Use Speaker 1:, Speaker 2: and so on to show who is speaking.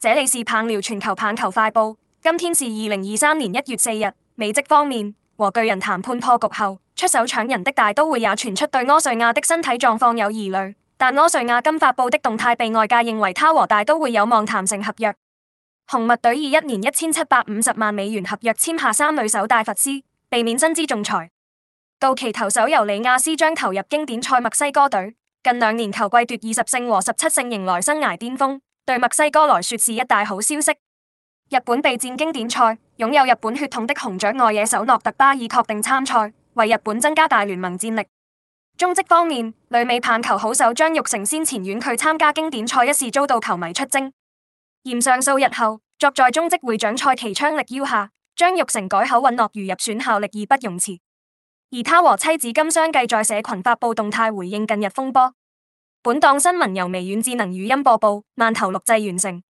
Speaker 1: 這裏是棒聊全球棒球快報，今天是二零二三年一月四日。美職方面，和巨人談判破局後，出手搶人的大都會也傳出對柯瑞亞的身體狀況有疑慮，但柯瑞亞今發布的動態被外界認為他和大都會有望談成合約。紅襪隊以一年一千七百五十萬美元合約簽下三壘手戴佛斯，避免薪資仲裁。到期投手尤里亞斯將投入經典賽墨西哥隊，近兩年球季奪二十勝和十七勝，迎來生涯巔峰。對墨西哥來說是一大好消息。日本備戰經典賽，擁有日本血統的紅掌外野手諾特巴爾確定參賽，為日本增加大聯盟戰力。中職方面，旅美棒球好手張育成先前婉拒參加經典賽一事遭到球迷出征，驗上數日後，昨在中職會長蔡其昌力邀下，張育成改口允諾如入選效力義不容辭。而他和妻子金雙繼在社群發布動態回應近日風波。本檔新聞由微軟智能語音播報，慢投錄製完成。